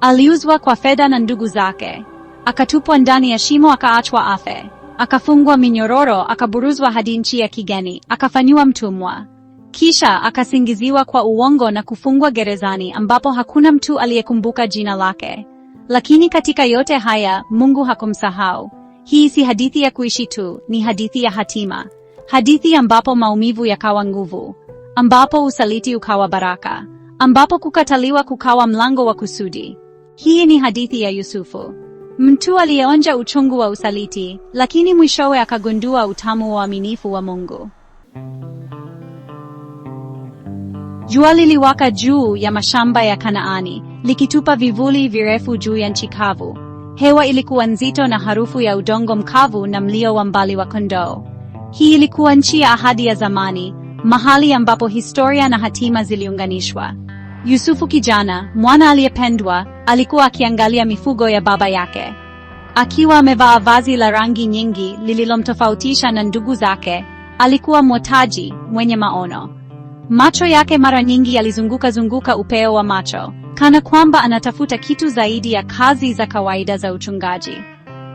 Aliuzwa kwa fedha na ndugu zake, akatupwa ndani ya shimo, akaachwa afe, akafungwa minyororo, akaburuzwa hadi nchi ya kigeni, akafanyiwa mtumwa. Kisha akasingiziwa kwa uongo na kufungwa gerezani ambapo hakuna mtu aliyekumbuka jina lake. Lakini katika yote haya Mungu hakumsahau. Hii si hadithi ya kuishi tu, ni hadithi ya hatima, hadithi ambapo maumivu yakawa nguvu, ambapo usaliti ukawa baraka, ambapo kukataliwa kukawa mlango wa kusudi. Hii ni hadithi ya Yusufu, mtu aliyeonja uchungu wa usaliti, lakini mwishowe akagundua utamu wa uaminifu wa Mungu. Jua liliwaka juu ya mashamba ya Kanaani, likitupa vivuli virefu juu ya nchi kavu. Hewa ilikuwa nzito na harufu ya udongo mkavu na mlio wa mbali wa kondoo. Hii ilikuwa nchi ya ahadi ya zamani, mahali ambapo historia na hatima ziliunganishwa. Yusufu kijana, mwana aliyependwa, alikuwa akiangalia mifugo ya baba yake. Akiwa amevaa vazi la rangi nyingi lililomtofautisha na ndugu zake, alikuwa mwotaji mwenye maono. Macho yake mara nyingi yalizunguka zunguka upeo wa macho, kana kwamba anatafuta kitu zaidi ya kazi za kawaida za uchungaji.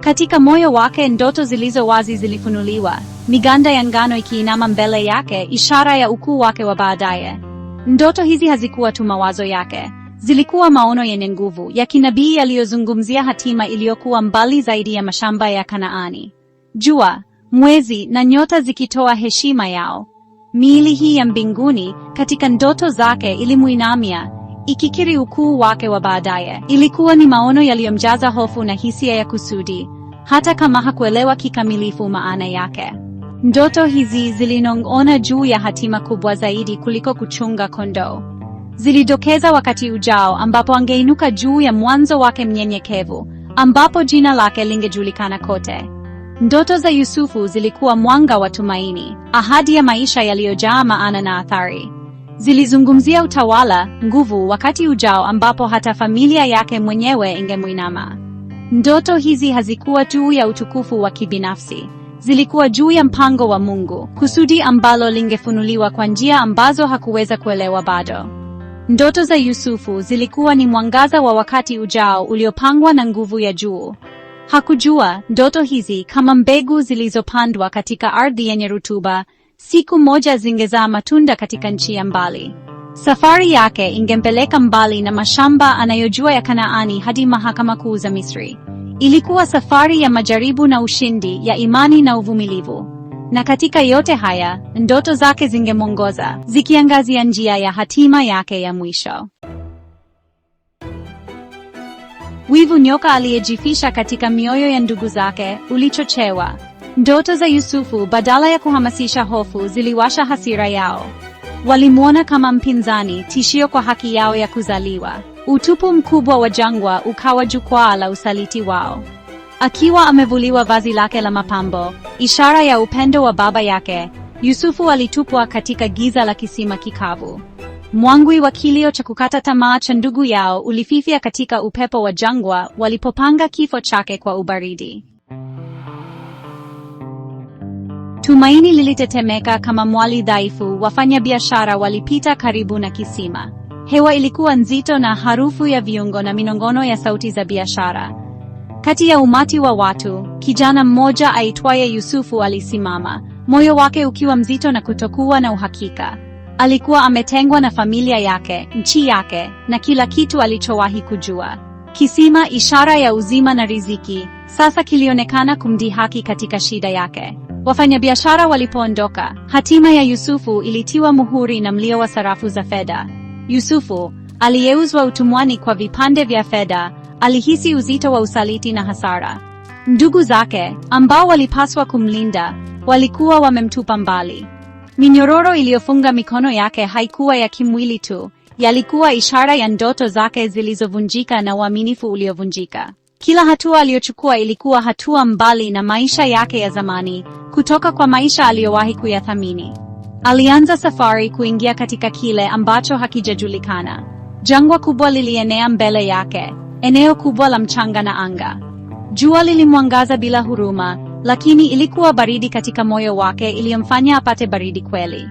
Katika moyo wake ndoto zilizo wazi zilifunuliwa, miganda ya ngano ikiinama mbele yake, ishara ya ukuu wake wa baadaye. Ndoto hizi hazikuwa tu mawazo yake, zilikuwa maono yenye nguvu ya kinabii yaliyozungumzia hatima iliyokuwa mbali zaidi ya mashamba ya Kanaani. Jua, mwezi na nyota zikitoa heshima yao, miili hii ya mbinguni katika ndoto zake ilimuinamia ikikiri ukuu wake wa baadaye. Ilikuwa ni maono yaliyomjaza hofu na hisia ya kusudi, hata kama hakuelewa kikamilifu maana yake. Ndoto hizi zilinong'ona juu ya hatima kubwa zaidi kuliko kuchunga kondoo. Zilidokeza wakati ujao ambapo angeinuka juu ya mwanzo wake mnyenyekevu, ambapo jina lake lingejulikana kote. Ndoto za Yusufu zilikuwa mwanga wa tumaini, ahadi ya maisha yaliyojaa maana na athari. Zilizungumzia utawala, nguvu, wakati ujao ambapo hata familia yake mwenyewe ingemwinama. Ndoto hizi hazikuwa tu ya utukufu wa kibinafsi, zilikuwa juu ya mpango wa Mungu, kusudi ambalo lingefunuliwa kwa njia ambazo hakuweza kuelewa bado. Ndoto za Yusufu zilikuwa ni mwangaza wa wakati ujao uliopangwa na nguvu ya juu. Hakujua ndoto hizi kama mbegu zilizopandwa katika ardhi yenye rutuba, siku moja zingezaa matunda katika nchi ya mbali. Safari yake ingempeleka mbali na mashamba anayojua ya Kanaani hadi mahakama kuu za Misri. Ilikuwa safari ya majaribu na ushindi, ya imani na uvumilivu. Na katika yote haya, ndoto zake zingemwongoza, zikiangazia njia ya hatima yake ya mwisho. Wivu, nyoka aliyejifisha katika mioyo ya ndugu zake, ulichochewa. Ndoto za Yusufu, badala ya kuhamasisha hofu, ziliwasha hasira yao. Walimwona kama mpinzani, tishio kwa haki yao ya kuzaliwa. Utupu mkubwa wa jangwa ukawa jukwaa la usaliti wao. Akiwa amevuliwa vazi lake la mapambo, ishara ya upendo wa baba yake, Yusufu alitupwa katika giza la kisima kikavu. Mwangwi wa kilio cha kukata tamaa cha ndugu yao ulififia katika upepo wa jangwa walipopanga kifo chake kwa ubaridi. Tumaini lilitetemeka kama mwali dhaifu. wafanya biashara walipita karibu na kisima. Hewa ilikuwa nzito na harufu ya viungo na minongono ya sauti za biashara. Kati ya umati wa watu, kijana mmoja aitwaye Yusufu alisimama, moyo wake ukiwa mzito na kutokuwa na uhakika. Alikuwa ametengwa na familia yake, nchi yake, na kila kitu alichowahi kujua. Kisima, ishara ya uzima na riziki, sasa kilionekana kumdhihaki katika shida yake. Wafanyabiashara walipoondoka, hatima ya Yusufu ilitiwa muhuri na mlio wa sarafu za fedha. Yusufu, aliyeuzwa utumwani kwa vipande vya fedha, alihisi uzito wa usaliti na hasara. Ndugu zake, ambao walipaswa kumlinda, walikuwa wamemtupa mbali. Minyororo iliyofunga mikono yake haikuwa ya kimwili tu, yalikuwa ishara ya ndoto zake zilizovunjika na uaminifu uliovunjika. Kila hatua aliyochukua ilikuwa hatua mbali na maisha yake ya zamani, kutoka kwa maisha aliyowahi kuyathamini. Alianza safari kuingia katika kile ambacho hakijajulikana. Jangwa kubwa lilienea mbele yake, eneo kubwa la mchanga na anga. Jua lilimwangaza bila huruma, lakini ilikuwa baridi katika moyo wake iliyomfanya apate baridi kweli.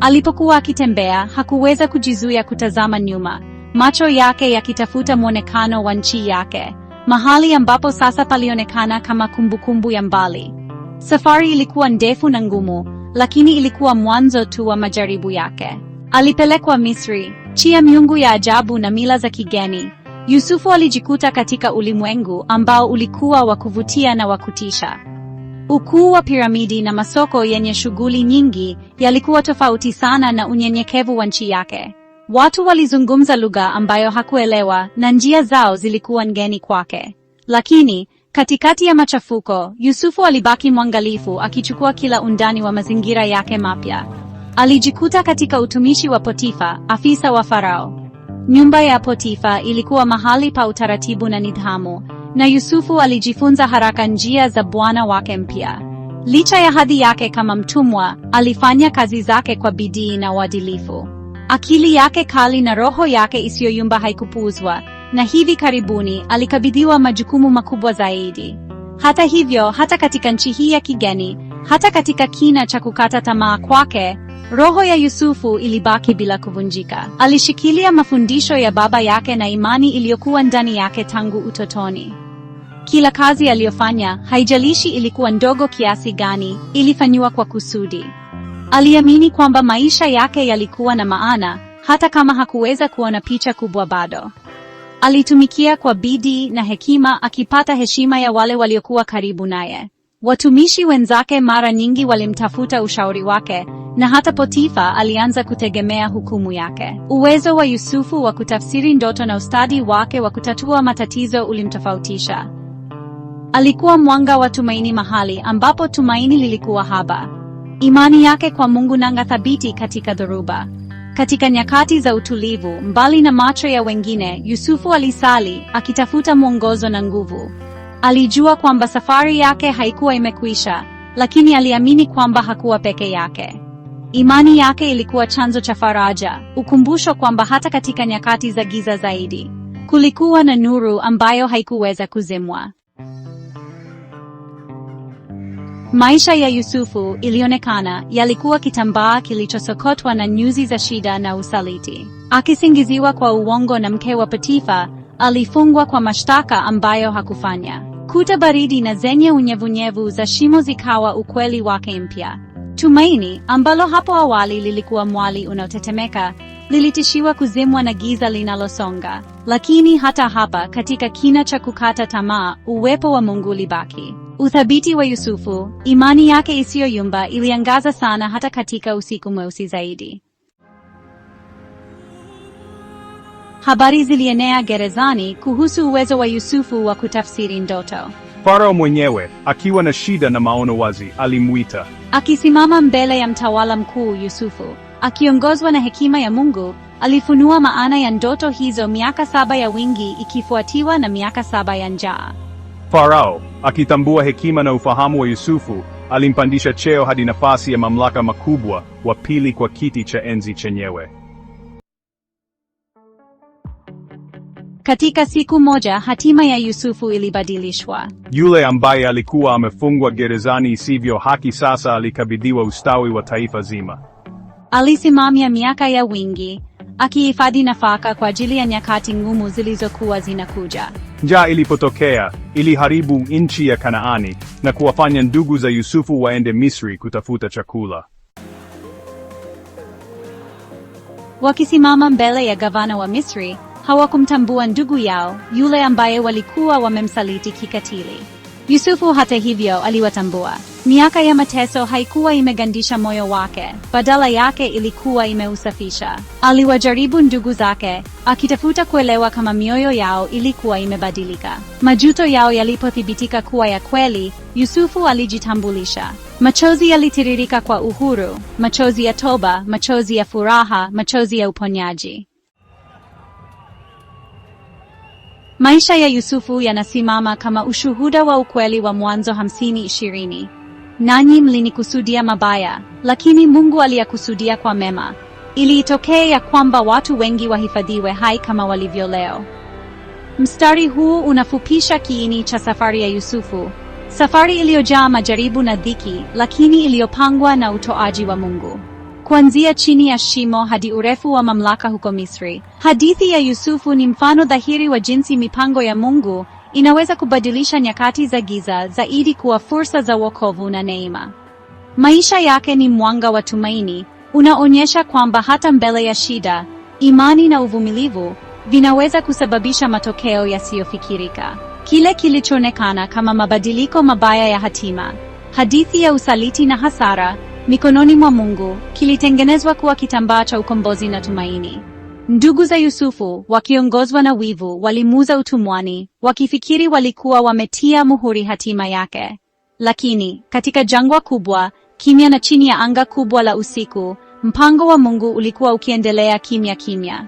Alipokuwa akitembea, hakuweza kujizuia kutazama nyuma, macho yake yakitafuta mwonekano wa nchi yake, mahali ambapo sasa palionekana kama kumbukumbu ya mbali. Safari ilikuwa ndefu na ngumu, lakini ilikuwa mwanzo tu wa majaribu yake. Alipelekwa Misri chia miungu ya ajabu na mila za kigeni. Yusufu alijikuta katika ulimwengu ambao ulikuwa wa kuvutia na wa kutisha. Ukuu wa piramidi na masoko yenye shughuli nyingi yalikuwa tofauti sana na unyenyekevu wa nchi yake. Watu walizungumza lugha ambayo hakuelewa na njia zao zilikuwa ngeni kwake, lakini Katikati ya machafuko, Yusufu alibaki mwangalifu akichukua kila undani wa mazingira yake mapya. Alijikuta katika utumishi wa Potifa, afisa wa Farao. Nyumba ya Potifa ilikuwa mahali pa utaratibu na nidhamu, na Yusufu alijifunza haraka njia za bwana wake mpya. Licha ya hadhi yake kama mtumwa, alifanya kazi zake kwa bidii na uadilifu. Akili yake kali na roho yake isiyoyumba haikupuuzwa na hivi karibuni alikabidhiwa majukumu makubwa zaidi. Hata hivyo, hata katika nchi hii ya kigeni, hata katika kina cha kukata tamaa kwake, roho ya Yusufu ilibaki bila kuvunjika. Alishikilia mafundisho ya baba yake na imani iliyokuwa ndani yake tangu utotoni. Kila kazi aliyofanya, haijalishi ilikuwa ndogo kiasi gani, ilifanywa kwa kusudi. Aliamini kwamba maisha yake yalikuwa na maana, hata kama hakuweza kuona picha kubwa bado. Alitumikia kwa bidii na hekima, akipata heshima ya wale waliokuwa karibu naye. Watumishi wenzake mara nyingi walimtafuta ushauri wake, na hata Potifa alianza kutegemea hukumu yake. Uwezo wa Yusufu wa kutafsiri ndoto na ustadi wake wa kutatua matatizo ulimtofautisha. Alikuwa mwanga wa tumaini mahali ambapo tumaini lilikuwa haba. Imani yake kwa Mungu nanga thabiti katika dhoruba. Katika nyakati za utulivu, mbali na macho ya wengine, Yusufu alisali akitafuta mwongozo na nguvu. Alijua kwamba safari yake haikuwa imekwisha, lakini aliamini kwamba hakuwa peke yake. Imani yake ilikuwa chanzo cha faraja, ukumbusho kwamba hata katika nyakati za giza zaidi, kulikuwa na nuru ambayo haikuweza kuzimwa. Maisha ya Yusufu ilionekana yalikuwa kitambaa kilichosokotwa na nyuzi za shida na usaliti. Akisingiziwa kwa uongo na mke wa Potifa, alifungwa kwa mashtaka ambayo hakufanya. Kuta baridi na zenye unyevunyevu za shimo zikawa ukweli wake mpya. Tumaini ambalo hapo awali lilikuwa mwali unaotetemeka lilitishiwa kuzimwa na giza linalosonga. Lakini hata hapa katika kina cha kukata tamaa, uwepo wa Mungu libaki. Uthabiti wa Yusufu, imani yake isiyoyumba iliangaza sana hata katika usiku mweusi zaidi. Habari zilienea gerezani kuhusu uwezo wa Yusufu wa kutafsiri ndoto. Farao mwenyewe akiwa na shida na maono wazi alimwita. Akisimama mbele ya mtawala mkuu, Yusufu akiongozwa na hekima ya Mungu alifunua maana ya ndoto hizo, miaka saba ya wingi ikifuatiwa na miaka saba ya njaa. Farao Akitambua hekima na ufahamu wa Yusufu, alimpandisha cheo hadi nafasi ya mamlaka makubwa, wa pili kwa kiti cha enzi chenyewe. Katika siku moja hatima ya Yusufu ilibadilishwa. Yule ambaye alikuwa amefungwa gerezani isivyo haki sasa alikabidhiwa ustawi wa taifa zima. Alisimamia miaka ya wingi, akihifadhi nafaka kwa ajili ya nyakati ngumu zilizokuwa zinakuja. Njaa ilipotokea iliharibu nchi ya Kanaani na kuwafanya ndugu za Yusufu waende Misri kutafuta chakula. Wakisimama mbele ya gavana wa Misri, hawakumtambua ndugu yao yule ambaye walikuwa wamemsaliti kikatili. Yusufu hata hivyo aliwatambua. Miaka ya mateso haikuwa imegandisha moyo wake, badala yake ilikuwa imeusafisha. Aliwajaribu ndugu zake, akitafuta kuelewa kama mioyo yao ilikuwa imebadilika. Majuto yao yalipothibitika kuwa ya kweli, Yusufu alijitambulisha. Machozi yalitiririka kwa uhuru, machozi ya toba, machozi ya furaha, machozi ya uponyaji. Maisha ya Yusufu yanasimama kama ushuhuda wa ukweli wa Mwanzo hamsini ishirini nanyi mlinikusudia mabaya, lakini Mungu aliyakusudia kwa mema, ili itokee ya kwamba watu wengi wahifadhiwe hai kama walivyo leo. Mstari huu unafupisha kiini cha safari ya Yusufu, safari iliyojaa majaribu na dhiki, lakini iliyopangwa na utoaji wa Mungu kuanzia chini ya shimo hadi urefu wa mamlaka huko Misri. Hadithi ya Yusufu ni mfano dhahiri wa jinsi mipango ya Mungu inaweza kubadilisha nyakati za giza zaidi kuwa fursa za wokovu na neema. Maisha yake ni mwanga wa tumaini, unaonyesha kwamba hata mbele ya shida, imani na uvumilivu vinaweza kusababisha matokeo yasiyofikirika. Kile kilichoonekana kama mabadiliko mabaya ya hatima, hadithi ya usaliti na hasara mikononi mwa Mungu kilitengenezwa kuwa kitambaa cha ukombozi na tumaini. Ndugu za Yusufu wakiongozwa na wivu walimuuza utumwani, wakifikiri walikuwa wametia muhuri hatima yake. Lakini katika jangwa kubwa, kimya na chini ya anga kubwa la usiku, mpango wa Mungu ulikuwa ukiendelea kimya kimya.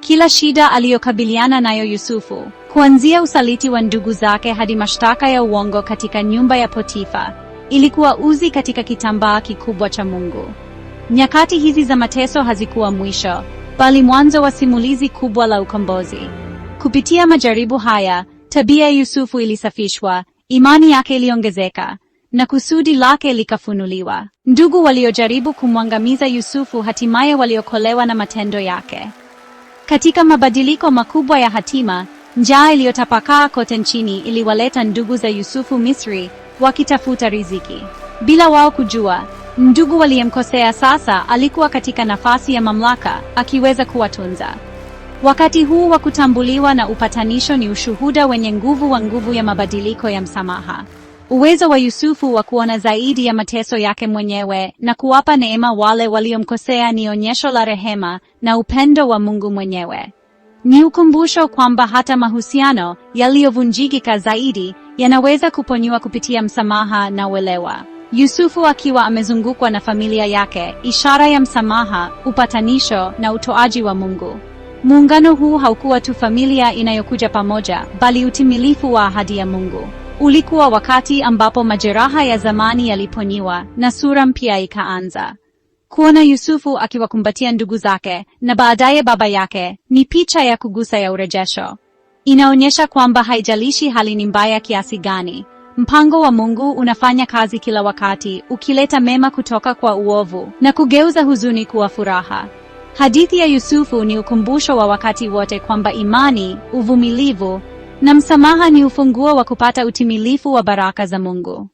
Kila shida aliyokabiliana nayo Yusufu, kuanzia usaliti wa ndugu zake hadi mashtaka ya uongo katika nyumba ya Potifa, Ilikuwa uzi katika kitambaa kikubwa cha Mungu. Nyakati hizi za mateso hazikuwa mwisho, bali mwanzo wa simulizi kubwa la ukombozi. Kupitia majaribu haya, tabia ya Yusufu ilisafishwa, imani yake iliongezeka na kusudi lake likafunuliwa. Ndugu waliojaribu kumwangamiza Yusufu hatimaye waliokolewa na matendo yake. Katika mabadiliko makubwa ya hatima, njaa iliyotapakaa kote nchini iliwaleta ndugu za Yusufu Misri wakitafuta riziki bila wao kujua. Ndugu waliyemkosea sasa alikuwa katika nafasi ya mamlaka, akiweza kuwatunza. Wakati huu wa kutambuliwa na upatanisho ni ushuhuda wenye nguvu wa nguvu ya mabadiliko ya msamaha, uwezo wa Yusufu wa kuona zaidi ya mateso yake mwenyewe na kuwapa neema wale waliomkosea. Ni onyesho la rehema na upendo wa Mungu mwenyewe. Ni ukumbusho kwamba hata mahusiano yaliyovunjika zaidi yanaweza kuponywa kupitia msamaha na uelewa. Yusufu akiwa amezungukwa na familia yake, ishara ya msamaha, upatanisho na utoaji wa Mungu. Muungano huu haukuwa tu familia inayokuja pamoja, bali utimilifu wa ahadi ya Mungu. Ulikuwa wakati ambapo majeraha ya zamani yaliponyiwa na sura mpya ikaanza. Kuona Yusufu akiwakumbatia ndugu zake na baadaye baba yake ni picha ya kugusa ya urejesho. Inaonyesha kwamba haijalishi hali ni mbaya kiasi gani, mpango wa Mungu unafanya kazi kila wakati, ukileta mema kutoka kwa uovu na kugeuza huzuni kuwa furaha. Hadithi ya Yusufu ni ukumbusho wa wakati wote kwamba imani, uvumilivu na msamaha ni ufunguo wa kupata utimilifu wa baraka za Mungu.